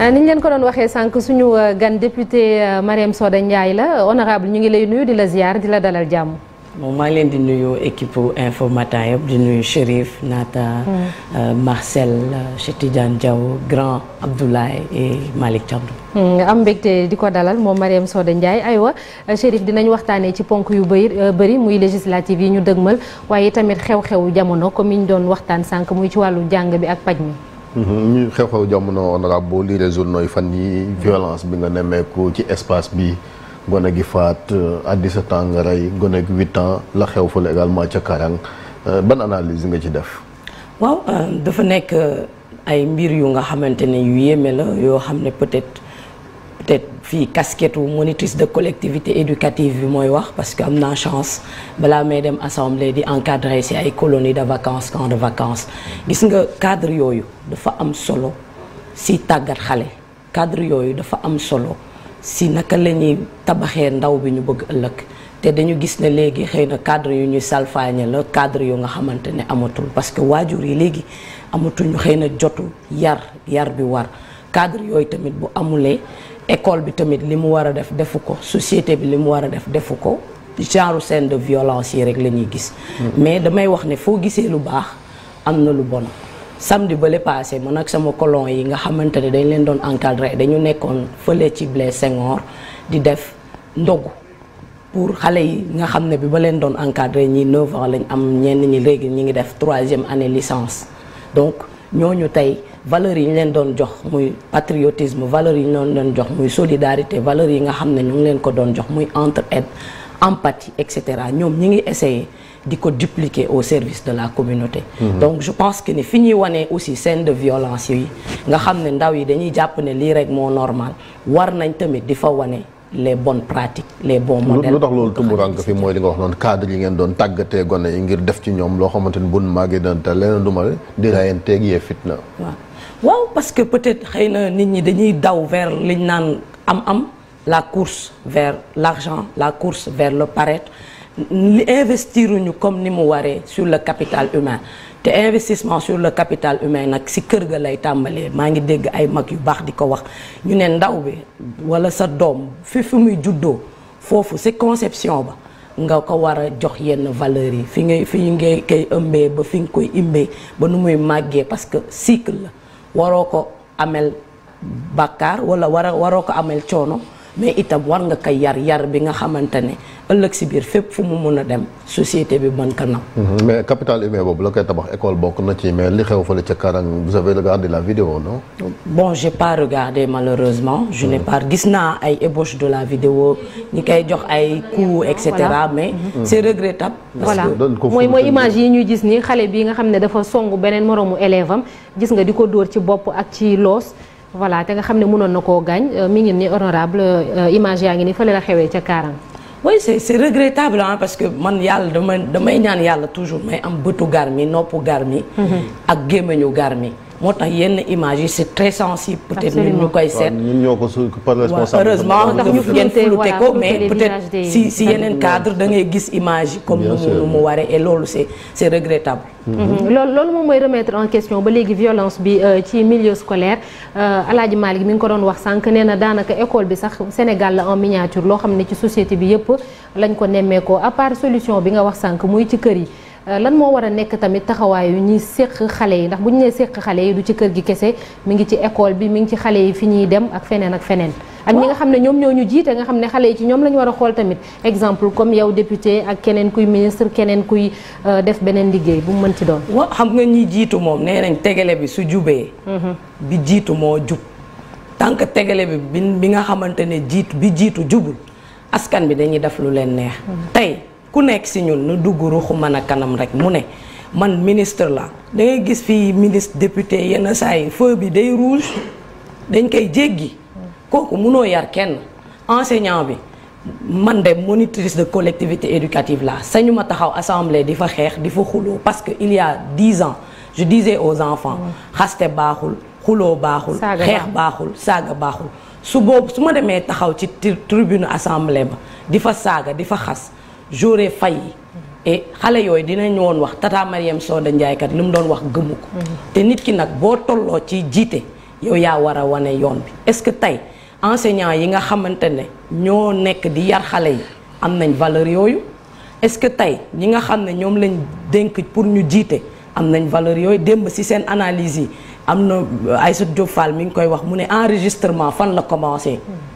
Euh, niñ leen ko doon waxee sànq suñu euh, gan député euh, Marième Soda Ndiaye la honorable ñu ngi lay nuyu di la ziar di la dalal jàmm. moom maa ngi leen di nuyu équipe info matin di nuyu Chérif Nata. Mm. Marcel Cheikh jaw Diaw Grand Abdoulaye et Malick Thiamdou. Mm, am mbégte di ko dalal moom Marième Soda Ndiaye aywa Chérif dinañ waxtaanee ci ponk yu bëri bëri muy législative yi ñu dëgmal waaye tamit xew-xewu jamono comme ni ñu doon waxtaan sànq muy ci wàllu jàng bi ak paj mi. Mhm, ñu xew-xew jamono honorable boo liiree journaux yi fan yi violence bi nga nemmeeku ci espace bi gone gi faat à 17 ans nga rey gone gi 8 ans la xew fële également ca Karang euh, ban analyse nga ci def. waaw euh, dafa nekk euh, ay mbir yu nga xamante ne yu yéeme la yoo xam ne peut-être. fii casquette wu monitrice de collectivité éducative bi mooy wax parce que am naa chance balaa may dem assemblée di encadrer ci ay colonie de vacances camp de vacances gis nga cadre yooyu dafa am solo si tàggat xale cadre yooyu dafa am solo si naka la ñuy tabaxee ndaw bi ñu bëgg ëllëg te dañu gis ne léegi xëy na cadre yu ñuy salfaañe la cadre yu nga xamante ne amatul parce que waajur yi léegi ñu xëy na jotu yar yar bi war cadre yooyu tamit bu amulee école bi tamit li mu war a def defu ko société bi li mu war a def defu ko genre scène de violence yi rek la ñuy gis. Hmm. mais damay wax ne foo gisee lu baax am na lu bon. samedi ba le passé man ak sama colon yi nga xamante ne dañ leen doon encadré dañu nekkoon fële ci Blaise Senghor di def ndogu pour xale yi nga xam ne bi ba leen doon encadré ñi 9 ans lañ am ñenn ñi léegi ñi ngi def troisième année licence donc. ñooñu tey valeurs yi ñu leen doon jox muy patriotisme valeurs yi ñu leen doon jox muy solidarité valeurs yi nga xam ne ñu ngi leen ko doon jox muy entraide empathie et cetera ñoom ñi ngi essayer di ko dupliquer au service de la communauté. Mhm. donc je pense que ni fi ñuy wanee aussi scène de violence yi nga xam ne ndaw yi dañuy jàpp ne lii rek moo normal war nañ tamit di fa wane. les bonnes pratique les bon modèles. lu tax loolu tumburank fi mooy li nga wax noonu cadre yi ngeen doon tàggatee gone yi ngir def ci ñoom loo xamante ni bun maa ngi doon te di rayanteeg yee fitna. waaw waaw parce que peut-être xëy na nit ñi dañuy daw vers liñ naan am-am la course vers l'argent la course vers le paraître li investir ñu comme ni mu waree sur le capital humain. te investissement sur le capital humain nag si kër ga lay tàmbalee maa ngi dégg ay mag yu baax di ko wax ñu ne ndaw bi walla sa doom fi fi muy juddoo foofu si conception ba nga ko war a jox yenn valeurs yi fi ngay fi ngay koy ëmbee ba fi nga koy imbee ba nu muy màggee parce que cycle la waroo ko ameel bàkkaar walla war a waroo ko ameel coono mais itam war nga koy yar yar bi nga xamante ne ëllëg si biir fépp fu mu mun a dem société bi man kanam mhm, mais capital humain boobu la koy tabax école bokk na ci mais li xew fële ca Karang vous avez regardé la vidéo non. bon j'ai mhm. gis naa ay ébauche de la vidéo ñi koy jox ay coûts et cetera mais. Mhm. c'est regrettable. voilà mooy mooy image yi ñuy gis nii xale bi nga xam ne dafa songu beneen moroomu élève gis nga di ko dóor ci bopp ak ci loos. voilà te nga xam ne mënoon na koo gaañ euh, mi ngi ni honorable euh, image yaa ngi ni fële la xewee ca Karang oui c'est c'est regrettable ah parce que man yàlla dama damay ñaan yàlla toujours may am bëtu gar mi noppu gar mi mhm. ak gémmiñu gar mi moo tax yenn image yi c'est très sensible peut-être ñun ñu koy seet heureusement ndax ñu ngeen flouté ko mais peut-être si si yeneen cadre da ngay gis image yi comme nu mu waree et loolu c'est c'est regrettable mhm. loolu loolu moom mooy remettre en question ba léegi violence bi euh, ci milieu scolaire euh, Alaaji Malick mi ngi ko doon wax sànq nee na daanaka école bi sax Sénégal la en miniature loo xam ne ci société bi yëpp lañ ko nemmeekoo à part solution bi nga wax sànq muy ci kër yi Euh, lan moo war a nekk tamit taxawaayu ñuy séq xale yi ndax bu ñu nee séq xale yi du ci kër gi kese mi ngi ci école bi mi ngi ci xale yi fi ñuy dem ak feneen ak feneen ak ñi nga xam ne ñoom ñoo ñu jiite nga xam ne xale yi ci ñoom la ñu war a xool tamit exemple comme yaw député ak keneen kuy ministre keneen kuy euh, def beneen liggéey bu mu mën ci doon waaw xam nga ñi jiitu moom nee nañ tegale bi su jubee mhm. bi jiitu moo jub tant que tegale bi bi bi nga xamante ne jiitu bi jiitu jubul askan bi dañuy def lu leen neex mhm. ku nekk si ñun nu dugg ruuxu mën a kanam rek mu ne man ministre la da ngay gis fii ministre député yenn saa yi feu bi day rouge dañ koy jéggi kooku munoo yar kenn enseignant bi man de monitrice de collectivité éducative la sañu ma taxaw assemblée di fa xeex di fa xuloo parce que il y a dix ans je disais aux enfants mm. xaste baaxul xuloo baaxul xeex baaxul saaga baaxul su boobu su ma demee taxaw ci tribune assemblée ba di fa saaga di fa xas jouré fay et xale yooyu dinañ woon wax tata Mariam Soda Ndiaye kat li mu doon wax gëmu ko. Mhm. te nit ki nag boo tolloo ci jiite yow yaa war a wane yoon bi est-ce que tey enseignant yi nga xamante ne ñoo nekk di yar xale yi am nañ valeur yooyu est-ce que tey ñi nga xam ne ñoom lañ dénk pour ñu jiite am nañ valeur yooyu démb si seen analyse yi am na Aïssatou Diop Fall mi ngi koy wax mu ne enregistrement fan la commencé. Mhm.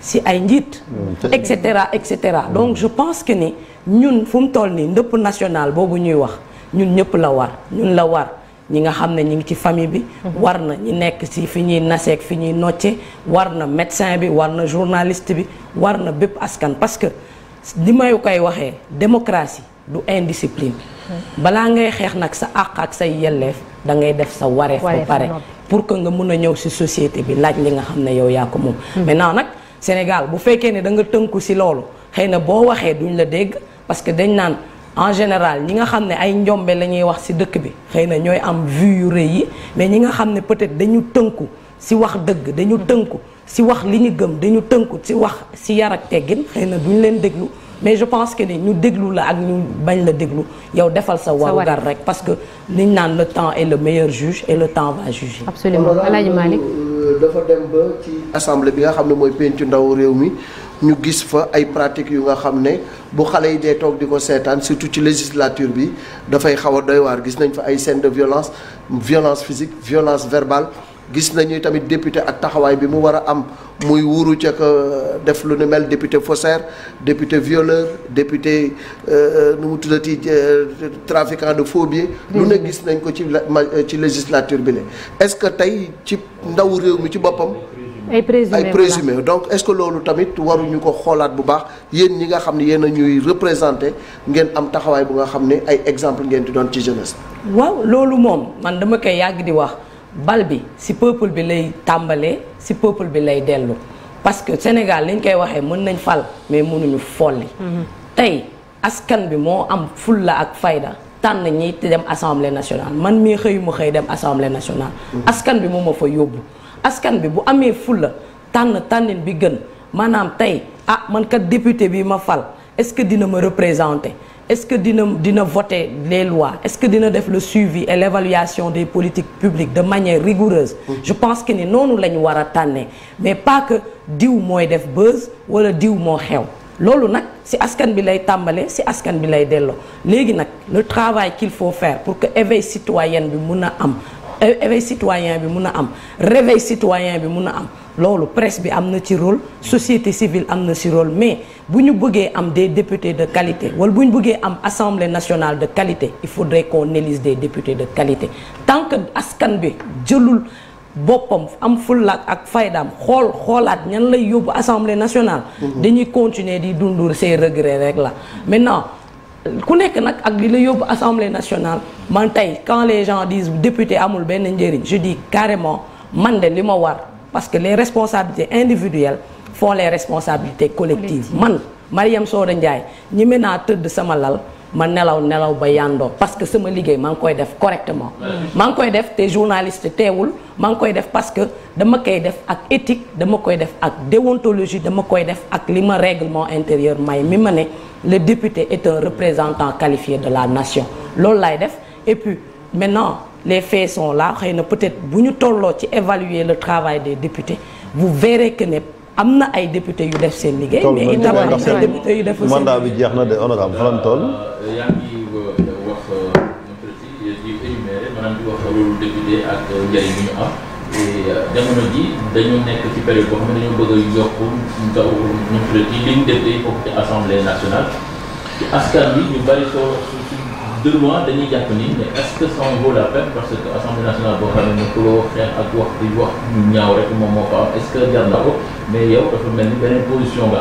si ay njiit mm. et cetera et cetera mm. donc je pense que ni ñun fu mu toll nii ndëpp national boobu ñuy wax ñun ñëpp la war ñun la war ñi nga xam ne ñi ngi ci famille bi mm-hmm. war na ñi nekk si fi ñuy naseek fi ñuy nocce war na médecin bi war na journaliste bi war na bépp askan parce que li may koy waxee démocratie du indiscipline mm-hmm. balaa ngay xeex nag sa àq ak say yelleef da ngay def sa wareef ba pare pour que nga mun a ñëw si société bi laaj li nga xam ne yow yaa ko moom mm-hmm. Sénégal bu fekkee ne da nga tënku si loolu xëy na boo waxee duñ la dégg parce que dañ naan en général ñi nga xam ne ay njombe la ñuy wax si dëkk bi xëy na ñooy am vue yu rëy yi mais ñi nga xam ne peut-être dañu tënku si wax dëgg dañu tënku si wax li ñu gëm dañu tënku ci wax si yar ak teggin xëy na duñ leen déglu mais je pense que ni ñu déglu la ak ñu bañ la déglu yow defal sa warugar rek parce que liñ naan le temps est le meilleur juge et le temps va juger. dafa dem ba ci assemblée bi nga xam ne mooy pencu ndaw réew mi ñu gis fa ay pratiques yu nga xam ne bu xale yi dee toog di ko seetaan surtout ci législature bi dafay xaw a doy waar gis nañ fa ay scènes de violence violence physique violence verbale gis nañu tamit député ak taxawaay bi mu war a am muy wuru ca ko def lu ni mel député faussaire député violeur député euh, nu mu tuddati euh, trafiquant de faux billets lu ne gis nañ ko ci euh, ci législature bi la est-ce que tey ci ndaw réew mi ci boppam ay présumé ay présumé donc est-ce que loolu tamit waruñu ko xoolaat bu baax yéen ñi nga xam ne yéen a ñuy représenté ngeen am taxawaay bu nga xam ne ay exemple ngeen di doon ci jeunesse. waaw loolu moom man dama koy yàgg di wax. bal bi si peuple bi lay tàmbalee si peuple bi lay dellu parce que Sénégal liñ koy waxee mën nañ fal mais mënuñu folli mhm. tey askan bi moo am fulla ak fayda tànn ñi te dem assemblée national man mii xëyuma xëy dem assemblée national mhm. askan bi moo ma fa yóbbu askan bi bu amee fulla tànn tànnin bi gën maanaam tey ah man kat député bii ma fal est-ce que dina ma représenter est-ce que dina dina voter les lois est-ce que dina def le suivi et l'évaluation des politiques publiques de manière rigoureuse je pense que ni noonu la ñu war a tànnee mais pas que diw mooy def buzz wala diw moo xew loolu nag si askan bi lay tàmbalee si askan bi lay delloo léegi nag le travail qu'il faut faire pour que éveil citoyen bi mun a am éveil citoyen bi mun a am réveil citoyen bi mun a am loolu presse bi am na ci rôle société civile am na ci rôle mais bu ñu bëggee am des députés de qualité wala bu ñu bëggee am assemblée nationale de qualité il faudrait qu'on élise des députés de qualité tant que askan bi jëlul boppam am fullaak ak faydaam xool xoolaat ñan lay yóbbu assemblée nationale mhm. dañuy continuer di dundur ses regrets rek la maintenant ku nekk nag ak li la yóbbu assemblée nationale man tey quand les gens disent député amul benn njëriñ je carrément man de li ma parce que les responsabilités individuelles font les responsabilités collectives man Mariam Soda Ndiaye ñeme naa tëdd sama lal ma nelaw nelaw ba yàndoo parce que sama liggéey maa ngi koy def correctement maa ngi koy def te journaliste teewul maa ngi koy def parce que dama koy def ak éthique dama koy def ak déontologie dama koy def ak li ma règlement intérieur may mi ma ne le député est un représentant qualifié de la nation loolu laay def et puis maintenant les faits sont là na peut-être bu ñu tolloo ci évaluer le travail des député bu verrez que ne am na ay député yu def seen liggéey. mais itam am na bi jeex na de honorable fan toll. Euh, yaa ngi wax euh, euh, di dañu nekk ci période boo xam ne dañoo bëgg a yokk ndaw ñu tuddati liñ def day bokk ci assemblée nationale ci askan bi ñu bari soo. deux mois dañuy jàpp ni mais est-ce que ça en vaut la parce que assemblée nationale boo xam ne ne xuloo ko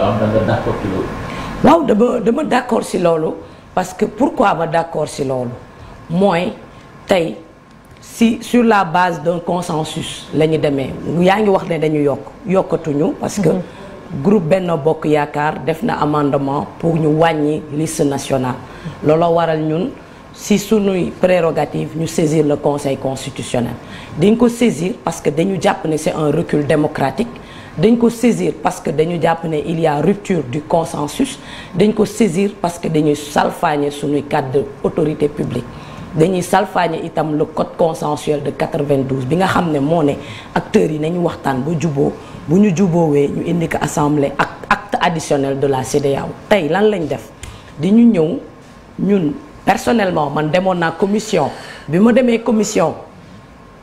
am est loolu. waaw dama dama d'accord si loolu parce que pourquoi ma d'accord si loolu mooy tey si sur la base d'un consensus la demee yaa ngi wax ne dañu yokk yokkatuñu parce que. Mhm. groupe benn Bokk Yaakaar def na amendement pour ñu wàññi liste nationale looloo waral ñun. si sunuy prérogative ñu saisir le conseil constitutionnel dañ ko saisir parce que dañu jàpp ne c'est un recul démocratique dañ ko saisir parce que dañu jàpp ne il y du consensus dañ ko saisir parce que dañuy salfaañe suñuy cadre autorité publique dañuy salfaañe itam le code consensuel de 92 bi nga xam ne moo ne acteurs yi nañu waxtaan ba juboo bu ñu juboowee ñu indi ko assemblée ak acte additionnel de la CEDEAO tey lan lañ def di ñu ñëw ñun personnellement man demoon naa commission bi ma demee commission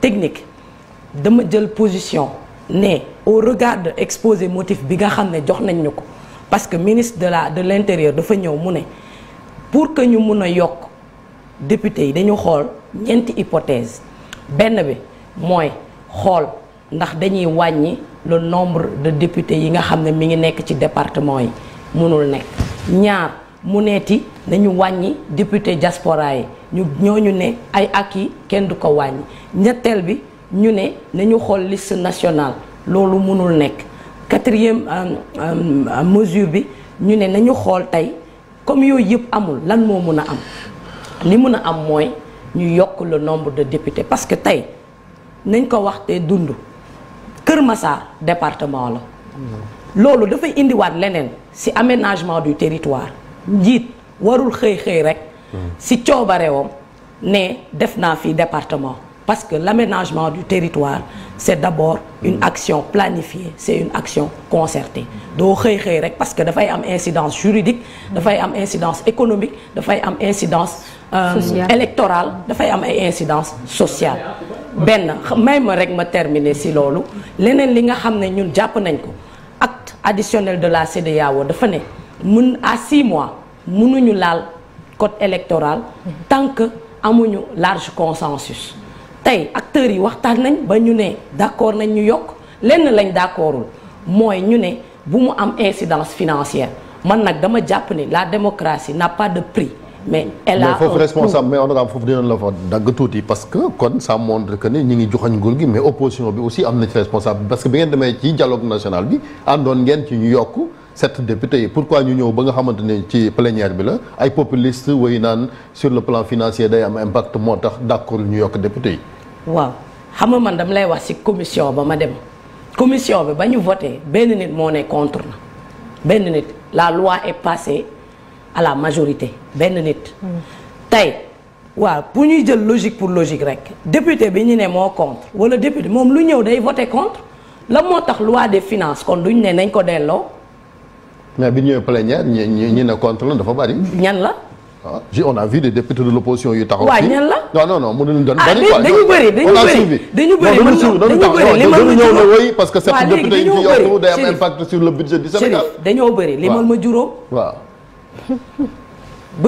technique dama jël position ne au regard de exposé motif bi nga xam ne jox nañ ñu ko parce que ministre de la de l'intérieur dafa ñëw mu ne pour que ñu mun a yokk député yi dañu xool ñeenti hypothèse benn bi mooy xool ndax dañuy wàññi le nombre de députés yi nga xam ne mi ngi nekk ci département yi munul nekk ñaar mu neeti nañu wàññi député diaspora yi ñu ñooñu ne ay acquis kenn du ko wàññi ñetteel bi ñu ne nañu xool liste nationale loolu mënul nekk quatrième euh, euh, euh, mesure bi ñu ne nañu xool tey comme yooyu yëpp amul lan moo mun a am li mun a am mooy ñu yokk le nombre de députés parce que tey nañ ko wax te dund Kër Massar département la mm. loolu dafay indiwaat leneen ci aménagement du territoire njiit warul xëy xëy rek. si coobareewam ne def naa fi département. parce que l'aménagement du territoire c'est d'abord une action planifiée c'est une action concertée doo xëy xëy rek parce que dafay am incidence juridique dafay am incidence économique dafay am incidence euh, électorale dafay am ay incidence sociale benn may ma rek ma terminer si loolu leneen li nga xam ne ñun jàpp nañ ko acte additionnel de la CEDEAO dafa ne mun à six mois munuñu laal code électoral tant que amuñu large consensus tey acteurs yi waxtaan nañ ba ñu ne d'accord nañ ñu yokk lenn lañ d'accordul mooy ñu ne bu mu am incidence financière man nag dama jàpp ni la démocratie n'a pas de prix mais elle a mais foofu responsable foofu dinañ la fa dagg tuuti parce que kon ça montre que ni ñu ngi joxañ nguur gi mais opposition bi aussi am na ci responsable parce que bi ngeen demee ci dialogue national bi àndoon ngeen ci ñu yokk sept députés yi pourquoi ñu ñëw ba nga xamante ne ci plénière bi la ay populistes way naan sur le plan financier day am impact moo tax d'accord ñu yokk député yi. waaw xam nga man dama lay wax ci commission ba ma dem commission bi ba ñu voté benn nit moo ne contre na benn nit la loi est passée à la majorité benn nit. tey waaw bu ñuy jël logique pour logique rek député bi ñu ne moo contre wala député moom lu ñëw day voté contre la moo tax loi de finance kon duñ ne nañ ko delloo. mais bi ñëwee plénière ñi ñi ne contre la dafa bari. ñan la. ah j' on a vu des députés de l' yu taxaw. waaw ñan la non non non mënuñu doon. Ah, bari quoi dañu bëri dañu bëri dañu bëri mën na dañu bëri li mën ma juróom parce que sept députés yi fi yokku day am impact mën ma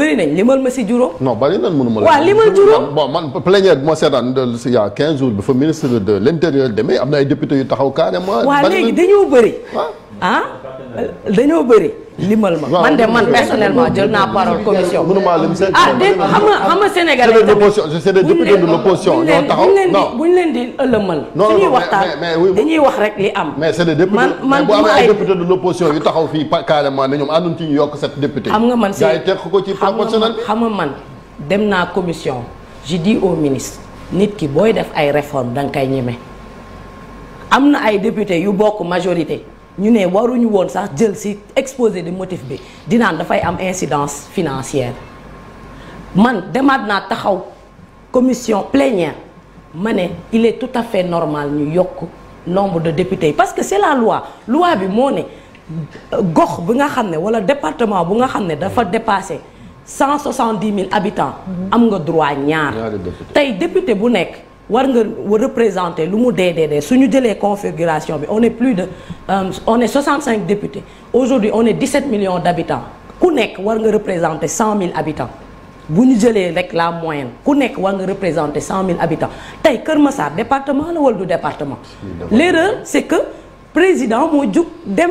nañ limal ma si juróom. non bëri nañ mënuma la. juróom bon man plénière bi ma seetaan il y a 15 jours bi fa ministre de l' intérieur demee am na ay députés yu taxaw carrément. bëri waaw léegi dañoo bëri. ah. dañoo bëri limal ma. man de man personnellement jël naa parole commission. ah dégg nga xam nga xam nga leen di ëllëmal. suñuy waxtaan dañuy wax rek am. mais c'est des députés man man bu amee ay députés de l'opposition taxaw fii carrément ne ñoom ànduñ ci ñu yokk sept députés. xam nga man ko ci proportionnel bi xam nga man dem naa commission. je dis ministre nit ki booy def ay réformes danga kay koy ñeme am na ay députés yu bokk majorité. ñu ne waruñu woon sax jël ci exposé de motif bi dinaan dafay am incidence financière man demaat naa taxaw commission plénière ma ne il est tout à fait normal ñu yokk nombre de député yi parce que c'est la loi la bi moo ne euh, gox bi nga xam ne walla département bu nga xam ne dafa dépassé cent soixante-dix mille habitants mm-hmm. am nga droit ñaar tey député bu nekk war nga représenter lu mu dee dee dee su ñu jëlee configuration bi on est plus de euh, on est 65 députés aujourd'hui on est 17 millions d'habitants ku nekk war nga représenter 100 000 habitants bu ñu jëlee rek la moyen ku nekk war nga représenter 100 000 habitants tey Kër Massar département la war du département l'erreur c'est que président moo jug dem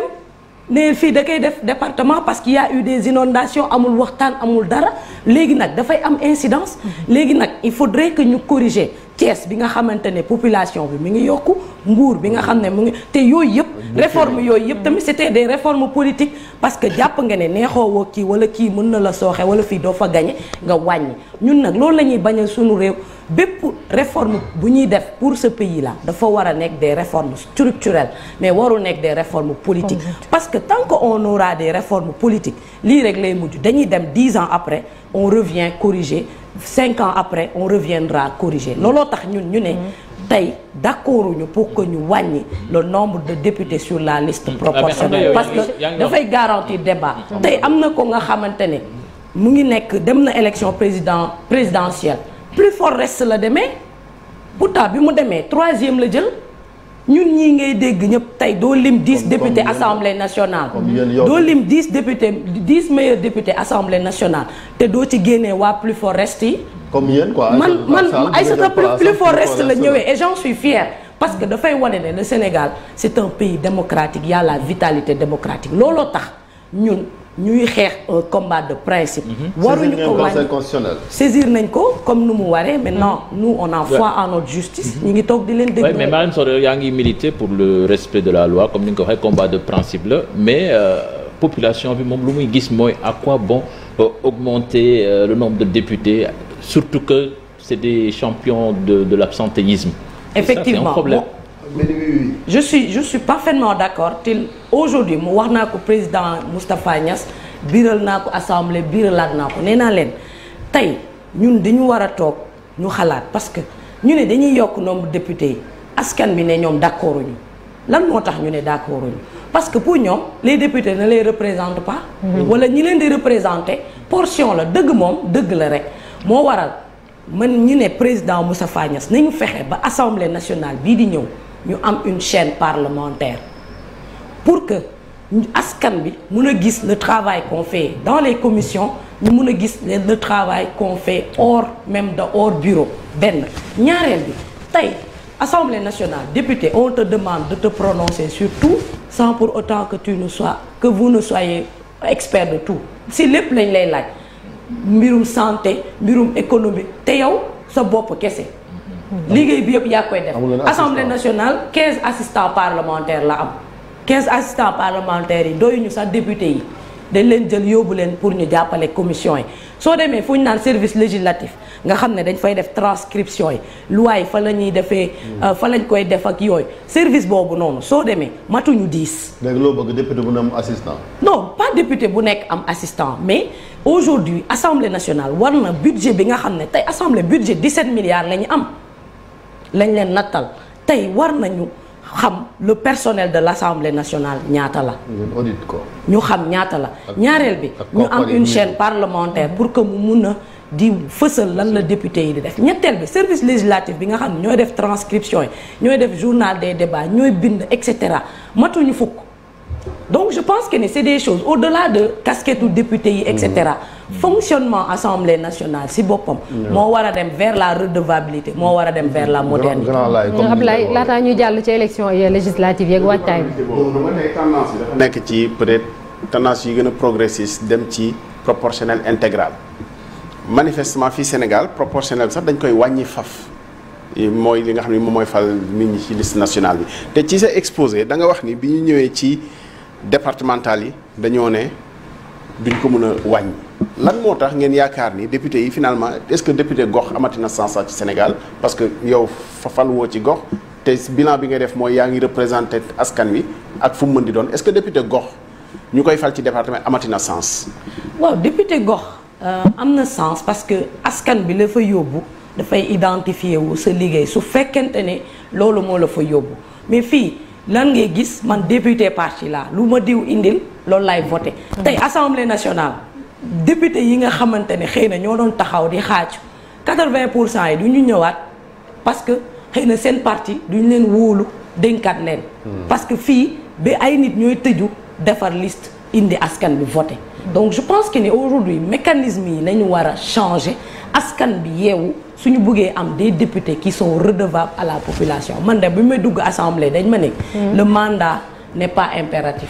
ne fii da koy def département parce que ya eu des inondations amul waxtaan amul dara léegi nag dafay am incidence léegi nag il faudrait que ñu corriger Thiès bi nga xamante ne population bi mi ngi yokku Mbour bi nga xam ne mu ngi te yooyu yëpp réforme yooyu yëpp tamit mm. c'était des réforme politique parce que jàpp nga ne neexoowoo kii wala kii mën na la sooxee wala fii doo fa gañe nga wàññi ñun nag loolu la ñuy bañal suñu réew bépp réforme bu ñuy def pour ce pays la dafa war a nekk des réformes structurelles mais waru nekk des réformes politique parce que tant que on aura des réformes politiques lii rek lay mujj dañuy dem dix ans après on revient corriger cinq ans après on reviendra corriger looloo tax ñun ñu ne mm. tey d'accord ñu pour que ñu wàññi le nombre de députés sur la liste ah, proportionnelle parce que dafay garantir débat tey am na ko nga xamante ne mu ngi nekk dem na élection président présidentielle plus fort reste la demee pourtant bi mu demee troisième la jël ñun ñii ngay dégg ñëpp tey doo lim dix députés assemblée nationale doo lim dix députés dix meilleurs députés assemblée nationale te doo ci génnee waa plus fort reste yi comme yéen quoi. man man Aïssata plus fort reste la ñëwee et j'en suis fière parce que dafay wane ne le Sénégal c'est un pays démocratique y a la vitalité démocratique looloo tax ñun ñuy xeex un combat de principe. Mhm. waruñu ko conseil constitutionnel. saisir nañ ko comme nu mu waree maintenant mhm. nous on a foi en notre justice. Mhm. ñu ngi toog di leen déglu. mais Marième Sorel yaa ngi militer pour le respect de la loi comme ni nga ko combat de principe la mais. Euh, population bi moom lu muy gis mooy à quoi bon euh, augmenter euh, le nombre de députés surtout que c'est des champions de de l'absentéisme. Effectivement. Ça, c'est un problème. Oui, oui, oui. Je suis d'accord te aujourd'hui mu wax naa ko président Moustapha Niass biiral naa ko assemblée biiralaat naa ko nee naa leen tey ñun dañu war a toog ñu xalaat parce que ñu ne dañuy yokk nombre député yi askan bi ne ñoom d'accord ñu lan moo tax ñu ne d'accord ñu parce que pour ñoom les députés na les représentent pas. Mhm. wala ñi leen di représenter portion la dëgg moom dëgg la rek. moo waral man ñu ne président Moustapha Niasse nañu fexe ba assemblée nationale bii di ñëw ñu am une chaîne parlementaire pour que askan bi mun a gis le travail qu'on fait dans les commissions ñu mun a gis le travail qu'on fait hors même de or bureau benn ñaareel bi tey Assemblée nationale député on te demande de te prononcer surtout tout sans pour autant que tu ne sois que vous ne soyez expert de tout si lépp lañ lay laaj mbirum santé mbirum économie te yow sa bopp kese. liggéey bi yëpp yaa koy def. assemblée nationale 15 assistants parlementaires la am. quinze assistants parlementaires yi doyuñu sax député yi dañ leen jël yóbbu leen pour ñu jàppale commission yi. soo demee fu ñu naan service législatif nga xam ne dañ fay def transcription yi loi yi fa la ñuy defee. Hmm. Euh, fa lañ koy def ak yooyu service boobu noonu soo demee matuñu diis. léegi loo bëgg député bu ne am assistant. non pas député bu nekk am assistant mais aujourd'hui assemblée nationale war na budget bi nga xam ne tey assemblée budget 17 milliards la ñu am lañ leen nattal tey war nañu. xam le personnel de l'Assemblée nationale ñaata la. ñu xam ñaata la. ñaareel bi ñu am une chaîne parlementaire pour que mu mun a di fësal lan la député yi di def. ñetteel bi service législatif bi nga xam ñooy def transcription yi ñooy def journal des débats ñooy bind et cetera matuñu fukk donc je pense que ni c'est des choses au-delà de casquette député yi et cetera. fonctionnement assemblée nationale si boppam. moo war a dem vers la redevabilité moo war a dem vers la modernité. Ablaye laataa ñu jàll ci élection législative yeeg waajtaay bi. tendance yi dafa nekk ci peut-être tendance yu gën a progressiste dem ci proportionnel integral manifestement fii Sénégal proportionnel sax dañ koy wàññi faf. mooy li nga xam ni moom mooy fal nit ñi ci liste nationale bi te ci sa exposé da nga wax ni bi ñu ñëwee ci départemental yi dañoo ne duñ ko mën a wàññi. lan moo tax ngeen yaakaar ni député yi finalement est-ce que député gox amati na sens ci Sénégal parce que yow fal woo ci gox te bilan bi nga def mooy yaa ngi représenté askan wi ak fu mu mën di doon est-ce que député gox ñu koy fal ci département amati na sens. waaw député gox euh, am na sens parce que askan bi la fa yóbbu dafay identifier wu sa liggéey su fekkente ne loolu moo la fa yóbbu mais fii. lan ngay gis man député parti la lu ma diw indil loolu laay voté hmm. tey assemblée nationale député yi nga xamante ne xëy na ñoo doon taxaw di xaaju quatre-vingt pour cent yi du ñu ñëwaat parce que xëy na seen parti duñ leen wóolu dénkaat leen. Hmm. parce que fii ba ay nit ñooy tëju defar liste indi askan bi voté. donc je pense que ne aujourd'hui mécanisme yi nañu war a changer askan bi yeewu suñu bëggee am des députés qui sont redevables à la population man de bi may dugg assemblée dañ ma ne. Hmm. le mandat n'est pas impératif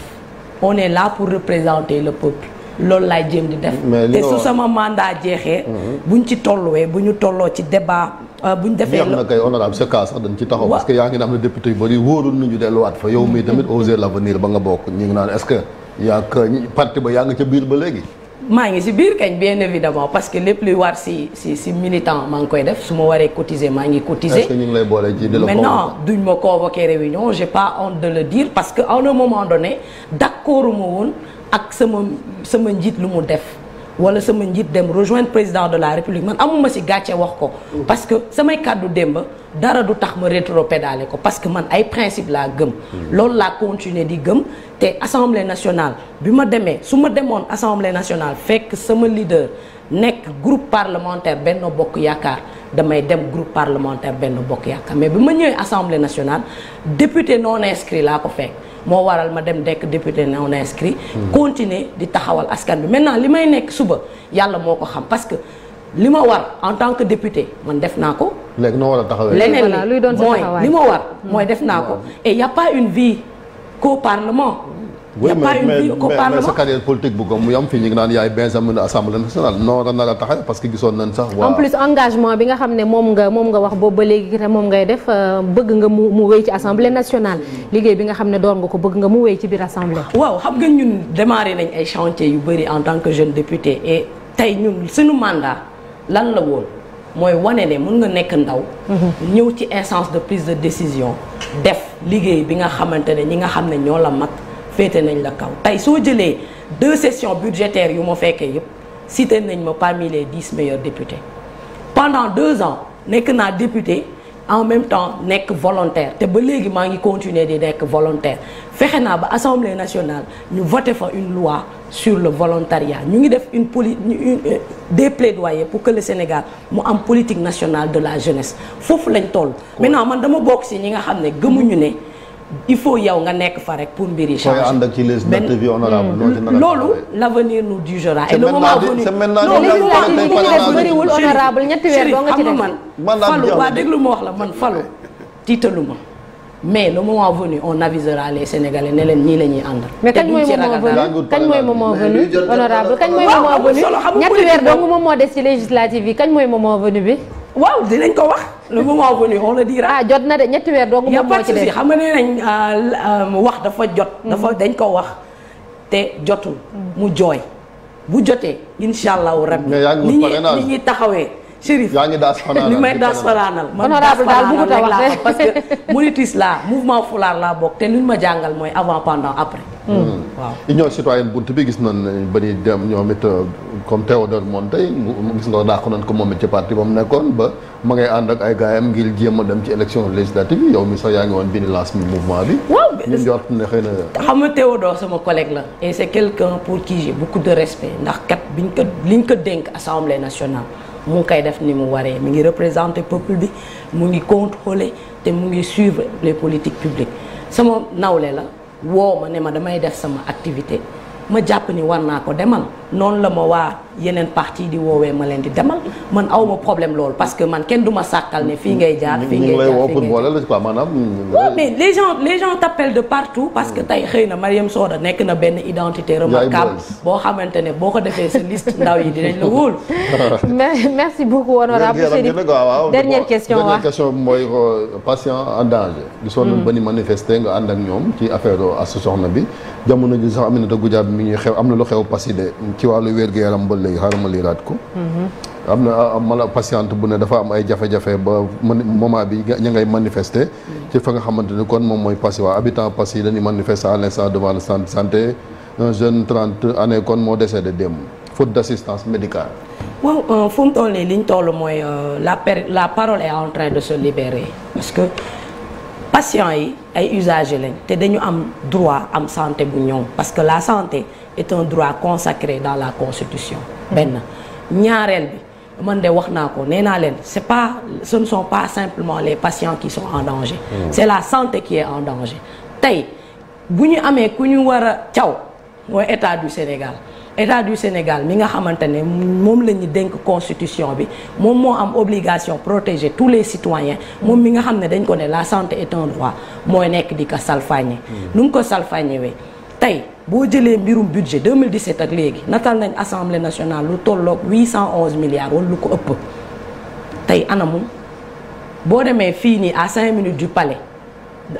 on est là pour représenter le peuple. loolu laay jéem di def te su sama mandat jeexee mhm. ñu ci tolluwee bu ñu tolloo ci débat euh, bu ñu defee la na kay honorable ce cas sax dañ ci taxaw parce que yaa ngi ne am na député yu bëri wóorul nañu delluwaat fa yow mii mm-hmm. tamit ba nga bokk ñu ngi naan est parti ba yaa ngi ca biir ba léegi maa ngi si biir kañ bien évidemment parce que lépp luy war si si si militant maa ngi koy def su ma waree cotiser maa ngi cotiser. est ñu ngi lay boole ci maintenant duñ ma convoqué réunion j'ai pas honte de le dire parce que à un moment donné d'accord woon ak sama sama njiit lu mu def wala sama njiit dem rejoindre président de la république man amuma si gàcce wax ko parce que samay kàddu démb dara du tax ma rétropédaler ko parce que man ay principe laa gëm loolu laa continuer di gëm te assemblée nationale bi ma demee su ma demoon assemblée nationale fekk sama leader nekk groupe parlementaire benn Bokk Yaakaar damay dem groupe parlementaire benn Bokk Yaakaar mais bi ma ñëwee assemblée nationale député non inscrit laa ko fekk moo waral ma dem dekk député non inscrit continuer di taxawal askan bi maintenant li may nekk suba yàlla moo ko xam parce que li ma war en tant que député man def naa ko. léegi noo war a taxawee. leneen li mooy li ma war mooy def naa ko. et y' une vie qu'au parlement. oui mais mais mais mu yam fii ñu ngi naan yaay Benjamin assemblée nationale noonu la nar a taxawee parce que gisoon nañ sax. waaw engagement bi nga xam ne moom nga moom nga wax boobu ba léegi te moom ngay def euh, bëgg nga mu wéy ci biir assemblée. waaw xam nga ñun démarré nañ ay chantiers yu bëri en tant que jeune député et tey ñun suñu mandat lan la woon mooy wane ne mën nga nekk ndaw. Mhm. ñëw ci instance de prise de décision. def liggéey bi nga xamante ne féete nañ la kaw tey soo jëlee deux sessions budgétaires yu ma fekkee yëpp cité nañ ma parmi les dix meilleurs députés pendant deux ans nekk naa député en même temps nekk volontaire te ba léegi maa ngi continuer di nekk volontaire fexe naa ba assemblée nationale ñu voté fa une loi sur le volontariat ñu ngi def une poli euh, des plaidoyers pour que Sénégal mu am politique nationale de la jeunesse foofu lañ toll. maintenant man dama bokk si ñi nga xam ne gëmuñu ne. il faut yow nga nekk fa rek pour mbiri yi changer. sooy ànd ak ci les nattes yi honorable mm. loolu l'avenir nous jugera. et le moment venu loolu honorable ñetti weer doo man falu waa déglu ma wax la man falu tiitalu ma mais le moment venu on avisera ne leen ñii la ñuy àndal. mais kañ mooy moment venu kañ mooy moment venu honorable kañ mooy moment venu ñetti weer dong moom moo des ci législative yi kañ mooy moment venu bi waaw dinañ ko wax le moment venu on le dira. Ah, jot na de ñetti weer dong moom moo ci def xam nga nee nañ euh, euh, wax dafa jot. Mm-hmm. dafa dañ ko wax te jotu mm-hmm. mu jooy bu jotee incha allahu rabbi. mais yaa ngi ni ñuy taxawee. Chérif yaa ngi daas fanaanal li may daas fanaanal. honorable daal bëggut a wax parce que monitrice laa mouvement Fulaar laa bokk te luñ ma jàngal mooy avant pendant après. waaw union citoyenne bunt bi gis nañ ba ñuy dem ñoom it euh, comme Théodore Montey gis nga dàq nañ ko moom it ci parti ba mu nekkoon ba ma ngay ànd ak ay gaayam ngir jéem a dem ci élection législative yi yow mi sax yaa ngi woon bi ni lance mi bi. waaw ñu njort ne xëy na. xam nga Théodore sama collègue la. et c' est quelqu' un pour qui j'ai beaucoup de respect ndax kat biñ ko liñ ko dénk assemblée nationale mu ngi koy def ni mu waree mi ngi représenter peuple bi mu ngi contrôler te mu ngi suivre les politiques publiques sama nawle la. woo ma ne ma damay def sama activité ma jàpp ni war naa ko demal noonu la ma waa yeneen parti di woowee ma leen di demal man aw ma problème loolu parce que man kenn du ma sàkkal ne fii ngay jaar fii ngay jaar fii ngay jaar maanaam mais les gens les de partout parce que tey xëy na Mariam Soda nekk na benn identité remarquable boo xamante ne boo ko defee sa liste ndaw yi dinañ la wóolu merci beaucoup question waaw mooy euh, patient en danger gisoon nañ mm. ba ni manifester nga ànd ak ñoom ci affaire a euh, sa soxna bi jamono ji sax a Goudiaby mi ngi xew am na lu xew paside ci wàllu wér-gu-yaram ba léegi xaaral ma liiraat ko. Mm-hmm. am na mala patiente bu ne dafa am ay jafe-jafe ba moment bi ña ngay manifester. Mm. ci fa nga xamante kon moom mooy Passy waa habitant Passy dañuy manifester à l'instant santé un jeune 30 année kon moo décédé démb faute d'assistance médicale. waaw euh, toll nii li toll mooy euh, la parole est en train de se libérer parce que. patients yi ay usagers lañ te dañu am droit am santé bu ñoom parce que la santé est un droit consacré dans la constitution benn ñaareel bi man de wax naa ko nee naa leen c'est pas ce ne sont pas simplement les patients qui sont en danger hmm. c'est la santé qui est en danger tey bu ñu amee ku ñu war a caw mooy état du Sénégal état du Sénégal mi nga xamante ne moom la ñu dénk constitution bi moom moo am obligation protéger tous les citoyens moom mi nga xam ne dañ ko ne la santé et un droit mooy nekk di ko salfaañe hmm. nu mu ko salfaañewee tey boo jëlee mbirum budget 2017 ak léegi natal nañ assemblée nationale lu tolloog 811 milliards wala lu ko ëpp tey anamu boo demee fii nii à 5 minutes du palais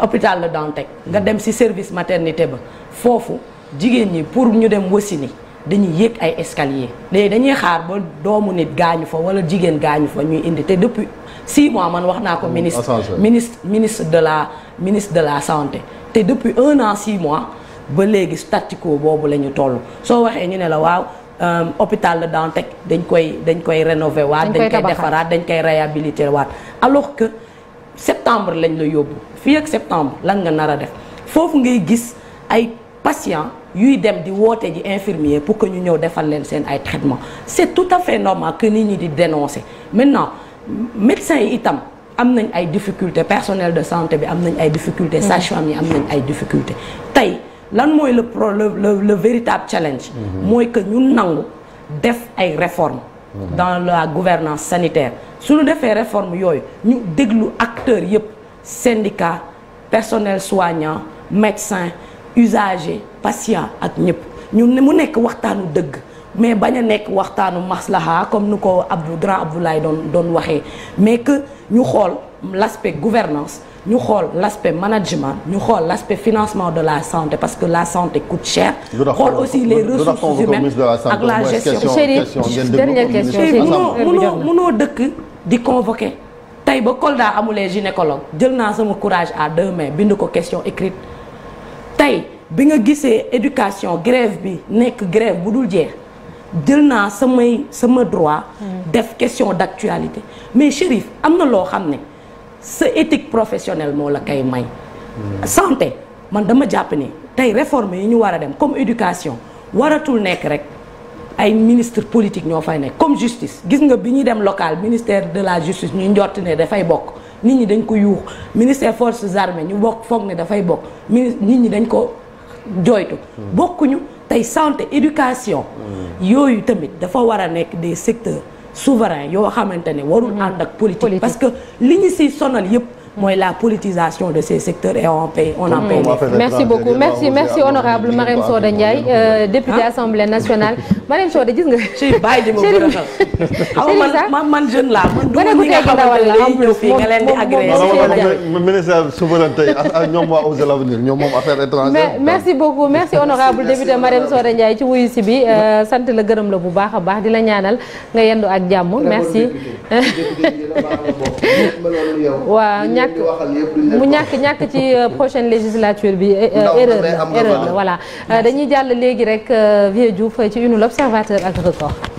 hôpital Le Dantec nga dem ci service maternité ba foofu jigéen ñi pour ñu dem wasini dañuy yëg ay escalier léegi dañuy xaar ba doomu nit gaañu fa wala jigéen gaañu fa ñuy indi te depuis six mois man wax naa ko ministre ministre ministre de la ministre de la santé te depuis un an six mois ba léegi statico boobu la ñu toll soo waxee ñu ne la waaw euh, hôpital de Dantec dañ koy dañ koy rénover waat dañ koy defaraat dañ koy réhabiliter waat alors que septembre lañ la yóbbu fii septembre lan nga nar a def foofu ngay gis ay patient yuy dem di woote ji infirmier pour que ñu ñëw defal leen seen ay traitement c'est tout à fait normal que nit ñi di dénoncer maintenant médecins yi itam am nañ ay difficultés personnel de santé bi am nañ ay difficultés mm-hmm. sage-femme yi am nañ ay difficultés tey lan mooy le pro le le, le véritable challenge mm-hmm. mooy que ñu nangu def ay réformes mm-hmm. dans la gouvernance sanitaire su ñu defee réforme yooyu ñu déglu acteurs yépp syndicat personnel soignant médecin usager patient ak ñëpp ñu mu nekk waxtaanu dëgg mais bañ nekk waxtaanu maslaha comme nu ko Abdou grand Abdoulaye doon doon waxee mais que ñu xool l'aspect gouvernance ñu xool l'aspect management ñu xool l'aspect financement de la santé parce que la santé coûte cher. xool aussi les ressources humaines ak la gestion dernière question munoo munoo dëkk di convoquer tey ba Kolda amulee gynécologue jël naa sama courage à deux mais bind ko question écrite tey bi nga gisee éducation grève bi nekk grève bu dul jeex jël naa samay sama droit hmm. def question d'actualité mais Chérif am na loo xam ne sa éthique professionnel moo la koy may hmm. santé man dama jàpp ni tey réforme yi ñu war a dem comme éducation waratul nekk rek ay ministre politique ñoo fay nekk comme justice gis nga bi ñuy dem local ministère de la justice ñuy njort ne dafay bokk nit ñi dañ ko yuux ministère force armées ñu bokk foog ne dafay bokk ministre nit ñi dañ ko jooytu bokkuñu tey santé éducation mm. yooyu tamit dafa war a nekk des secteurs souverains yoo xamante ne warul mm. ànd ak politique parce que li ñu siy sonal yëpp mooy la politisation de ces secteurs et on paye on en paye. merci beaucoup merci merci honorable Marème Soda Ndiaye euh, députée assemblée nationale Marème Soda gis nga. Chérif bàyyi ma a xam man man jeune laa man. du ma ñi nga xamante ne day ñëw fii nga leen ministère souveraineté ñoom waa Osez l'avenir ñoom moom affaire étrangère. merci beaucoup merci honorable député Marème Soda Ndiaye ci wuyu si bi euh, sant la gërëm la bu baax a baax di la ñaanal nga yendu ak jàmm merci. waaw bu mu ñàkk ñàkk ci euh, prochaine législature bi euh, erreur la erreur la voilà euh, dañuy jàll léegi rek Vieux Diouf ci une l'observateur ak record